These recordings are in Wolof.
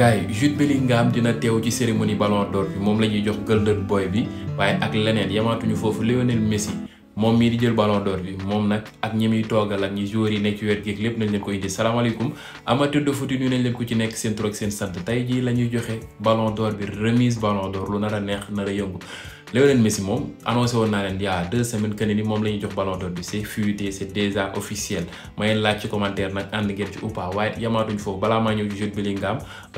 gars yi Jude Bellingham dina teew ci cérémonie ballon d'or bi moom la ñuy jox golden boy bi waaye ak leneen yamaatuñu foofu Lionel Messi moom mii di jël ballon d'or bi moom nag ak ñi muy toogal ak ñi yi nekk ci wet géeg lépp nañ leen ko indi salaamaaleykum amateur de foot yi ñu nañ leen ko ci nekk seen tur seen sant tey jii la ñuy joxe ballon d'or bi remise ballon d'or lu nar a neex nar a yëngu Lionel Messi moom annoncé woon naa leen y a deux semaines que ni moom la ñuy jox ballon d'or bi c'est fuité c'est déjà officiel may laaj ci commentaire nag ànd ngeen ci ou pas waaye yamaatuñ foofu balaa maa ñëw ci Jude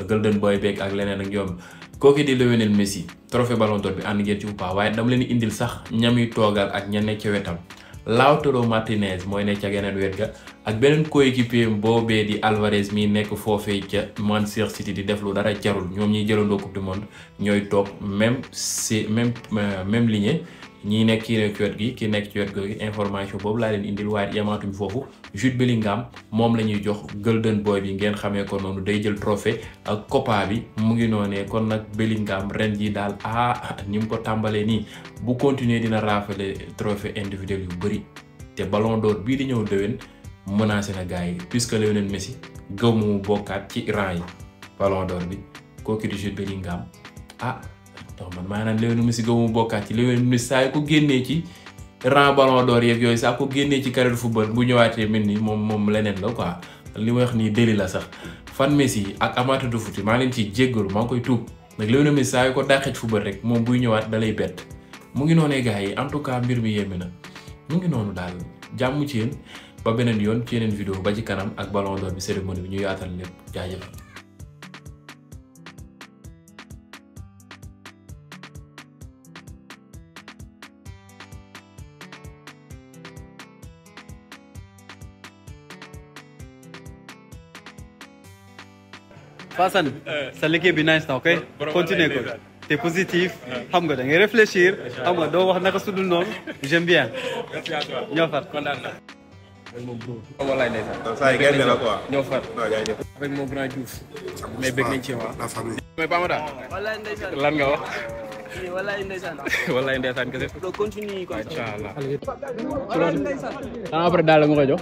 Golden Boy beeg ak leneen ak ñoom kooku di Lionel Messi trophée ballon d'or bi ànd ngeen ci ou pas waaye dama leen indil sax ñami toogal ak ña nekk ci wetam. Lautaro Martinez mooy ne ca geneen wet ga ak beneen coéquipier boobee di Alvarez mi nekk foofee ca Manchester City di def lu dara jarul ñoom ñuy jëlandoo coupe du monde ñooy toog même si même euh, même lignée ñii nekk kii nekk gi ki nekk ci wet gi information boobu laa leen indil waaye yamaatuñ foofu Jude Bellingham moom la ñuy jox Golden Boy bi ngeen xamee ko noonu day jël trophée ak Copa bi mu ngi noone kon nag Bellingham ren jii daal ah ni mu ko tàmbalee nii bu continuer dina raafale trophée individuel yu bëri te Ballon d'Or bii di ñëw déwén menacé na gars yi puisque Lionel Messi gëw mu bokkaat ci rang yi Ballon d'Or bi kooku di Jude ah. donc man maanaam Lionel Messi gëmu bokkaat ci Lionel Messi saa yu ko génnee ci rang ballon d'or yeeg yooyu saa ko génnee ci carrière football bu ñëwaatee mel ni moom moom leneen la quoi li ma wax nii déli la sax fan Messi ak amateur de foot maa leen ciy jéggalu maa koy tuub nag Lionel Messi saa ko dàqee ci rek moom buy ñëwaat dalay bett mu ngi noonee gars yi en tout cas mbir mi yéeme na mu ngi noonu daal jàmm ci yéen ba beneen yoon ci yeneen vidéo ba ci kanam ak ballon d'or bi cérémonie bi ñu yaatal lépp jaajëf Fassane sa liggéey bi nice na ok continue ko t'es positif xam nga da ngay réfléchir xam nga doo wax naka sudul noonu j'aime bien ñoo far kontaan na oh, wallaay ndeysaan saa yi gerte la quoi ñoo far avec mon grand Diouf mais bëgg nañ ci wax mais Bama daal lan nga wax eh, wallaay ndeysaan wallaay ndeysaan kese do continue comme ça inshallah après daal la nga koy jox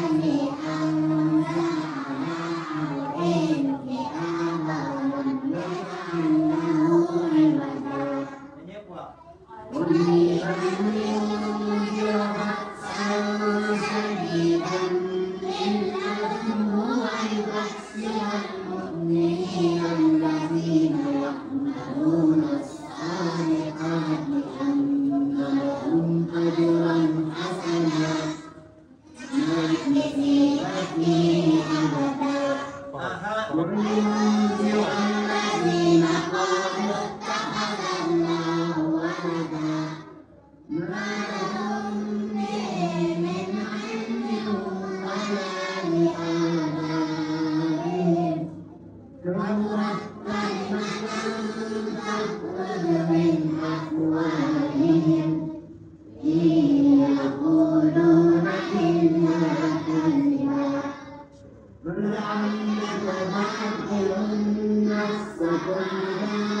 Thank you.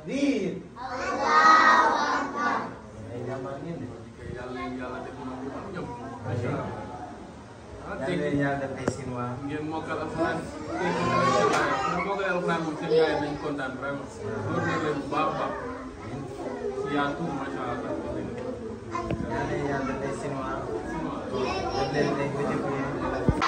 takbir. Allahu Akbar. Yamanin. dañ leen yàlla def ay Sinoa. ngeen mokkal alxuraan. ngeen mokkal alxuraan moom seen yaay dañ kontaan vraiment. loolu la leen bu baax a baax. si yaa tuur macha allah. dañ leen yàlla def ay Sinoa. def leen ay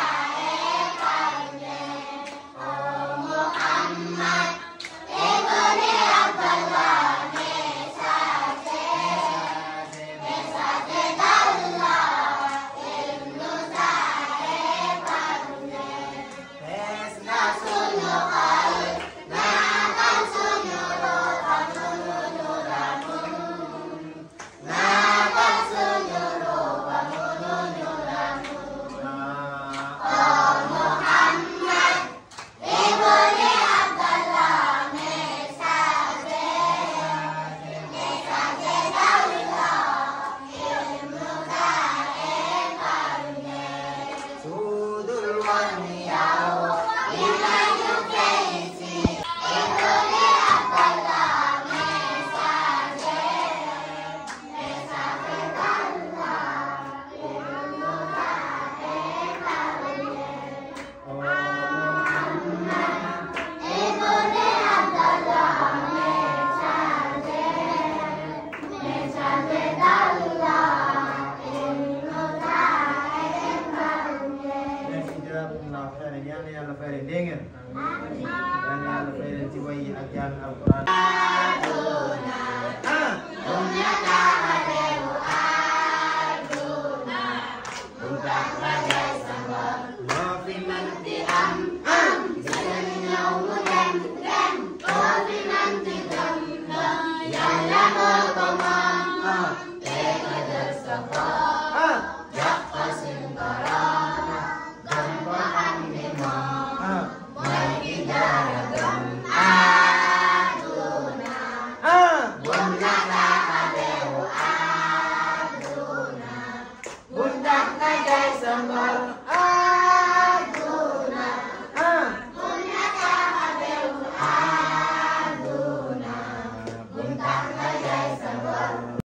Mustafa